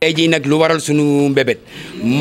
tey jii nag lu waral sunu mbébét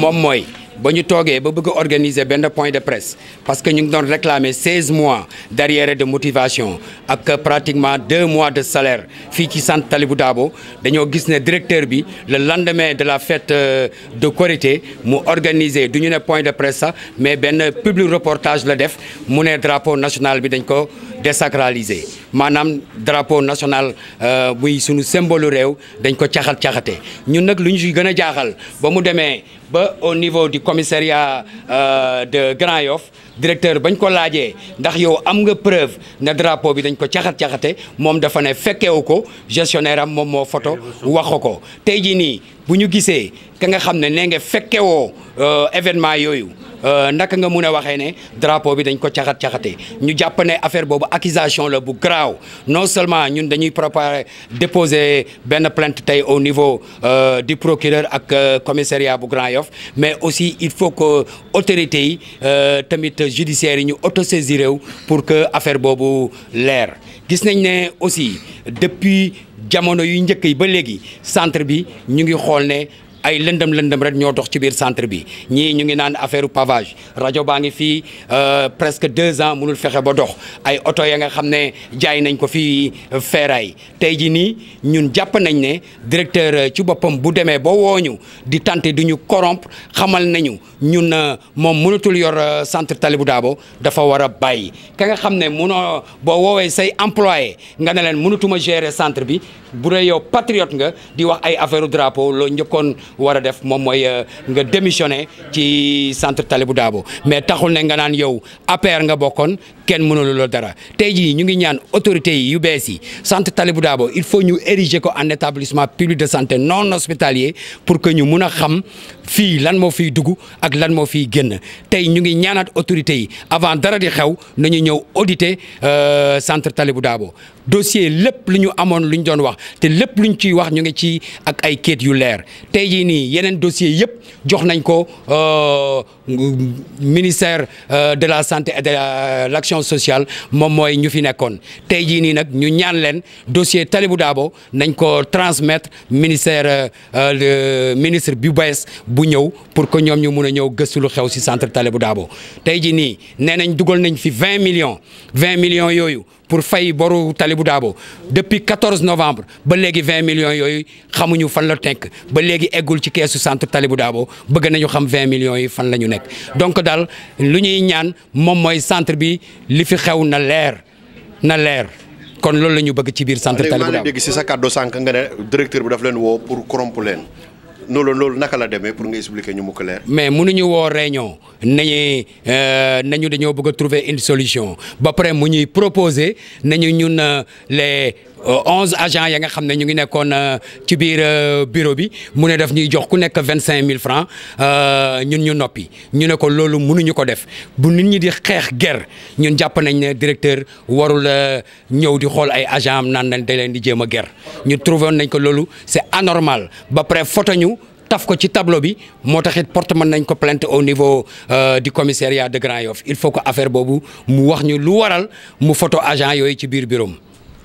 moom mooy ba ñu toogee ba bëgg a organiser benn point de presse parce que ñu ngi doon réclamer 16 mois d'arriérés de motivation ak pratiquement 2 mois de salaire fii ci sant Talibou Dabo dañoo gis ne directeur bi le lendemain de la fête euh, de Korité mu organiser du ñu ne point de presse sax mais benn public reportage la def mu ne drapeau national bi dañ ko désacralisé maanaam drapeau national euh, buy sunu symbole réew dañ ko caxat caxate ñun nag lu ñu si gën a jaaxal ba mu demee ba au niveau du commissariat euh, de Grand Yoff directeur bañ ko laajee ndax yow am nga preuve ne drapeau bi dañ ko caxat-caxate moom dafa ne fekkewu ko gestionnaire am moom moo photo wax ko tey jii nii bu ñu gisee ka nga xam ne nee nga fekkewoo euh, événement yooyu euh, naka nga mun a waxee ne drapeau bi dañ ko caxat-caxate ñu jàpp ne affaire boobu accusation la bu graaw non seulement ñun dañuy préparer déposer benn plainte tey au niveau euh, du procureur ak commissariat bu Grand Yoff mais aussi il faut que autorités yi tamit autorité judiciaire yi ñu autosaisir réew pour que affaire boobu leer gis nañ ne aussi depuis jamono yu njëkk yi ba léegi centre bi ñu ngi xool ne ay lëndëm lëndëm rek ñoo dox ci biir centre bi ñii ñu ngi naan affaire pavage rajo baa ngi fii euh, presque deux ans mënul fexe ba dox ay oto ya nga xam ne jaay nañ ko fii euh, feeraay tey ji nii ñun jàpp nañ ne directeur euh, ci boppam bu demee ba wooñu di tenter du ñu corrompre xamal nañu ñun moom mënatul yor centre Talibou bo dafa war a bàyyi ka nga xam ne mënoo boo woowee say employé nga ne leen mënatuma gérer centre bi bu dee yow patriote nga di wax ay affaire drapeau loo njëkkoon war def moom mooy euh, nga démissionné ci centre Talibou Dabo mais taxul ne nga naan yow APR nga bokkoon kenn mënulu loolu dara tey jii ñu ngi ñaan autorité yi yu bees yi centre Talibou Dabo il faut ñu ériger ko en établissement public de santé non hospitalier pour que ñu mun a xam fii lan moo fiy dugg ak lan moo fiy génn tey ñu ngi ñaanaat autorités yi avant dara di xew nañu ñëw auditer euh, centre Talibou Dabo dossier lépp lu ñu amoon lu ñu doon wax te lépp lu ñu ciy wax ñu ngi ci ak ay kéet yu leer tey jii nii yeneen dossier yëpp jox nañ ko euh, ministère euh, de la santé et de l'action sociale moom mooy ñu fi nekkoon tey jii nii nag ñu ñaan leen dossier Talibou Dabo nañ ko transmettre ministère ministre bu bees bu ñëw pour que ñoom ñu mun a ñëw gëstu lu xew si centre Talibou Dabo tey ji nii nee nañ dugal nañ fi 20 millions 20 millions yooyu pour fay boru talibu Dabo depuis 14 novembre ba léegi 20 millions yooyu xamuñu fan la tekk ba léegi eggul ci keesu centre Talibou Dabo bëgg nañu xam 20 millions yi fan la ñu nekk donc daal lu ñuy ñaan moom mooy centre bi li fi xew na leer na leer kon loolu la bëgg ci biir centre Talibou Dabo léegi si sa kàddu sànq nga directeur bi daf leen woo pour corrompre leen. loolu loolu naka la demee pour nga expliquer ñu mu clair. mais mënuñu woo réunion nañu euh, nañu dañoo bëgg a trouver une solution ba pare mu ñuy proposer nañu ñun euh, les euh, onze agents ya nga xam ne ñu ngi nekkoon ci biir bureau bi mu ne daf ñuy jox ku nekk vingt cinq mille francs ñun ñu noppi ñu ne ko loolu mënuñu ko def bu nu ñi di xeex guerre ñun jàpp nañ ne directeur warul ñëw di xool ay agents am naan da leen di jéem a guerre ñu trouvé nañ ko loolu c'est anormal ba foto ñu taf ko ci tableau bi moo taxit porte mën nañ ko plainte au niveau euh, du commissariat de Grand Yoff il faut que affaire boobu mu wax ñu lu waral mu photo agent yooyu ci biir bureau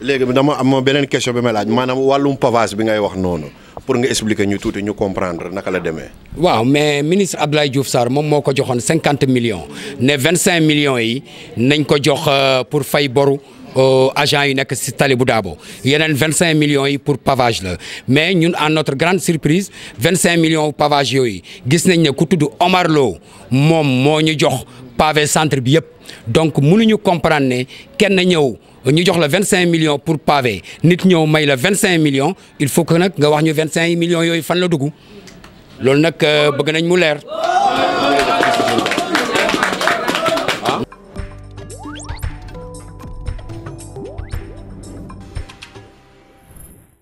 léegi dama am beneen question bi may laaj maanaam wàllum pavage bi ngay wax noonu pour nga expliquer ñu tuuti ñu comprendre naka la demee. waaw mais ministre Abdoulaye Diouf Sarr moom moo ko joxoon cinquante millions ne vingt cinq millions yi nañ ko jox euh, pour fay boru. Euh, agent yi nekk si tali bu Dabo yeneen vingt cinq millions yi pour pavage la mais ñun à notre grande surprise vingt cinq millions pavage yooyu gis nañ ne ku tudd Omar Lo moom moo ñu jox pavé centre bi yëpp donc mënuñu comprendre ne kenn ñëw ñu jox la vingt cinq millions pour pavé nit ñëw may la vingt cinq millions il faut que nag nga wax ñu vingt cinq millions yooyu fan la dugg loolu nag euh, bëgg nañ mu leer.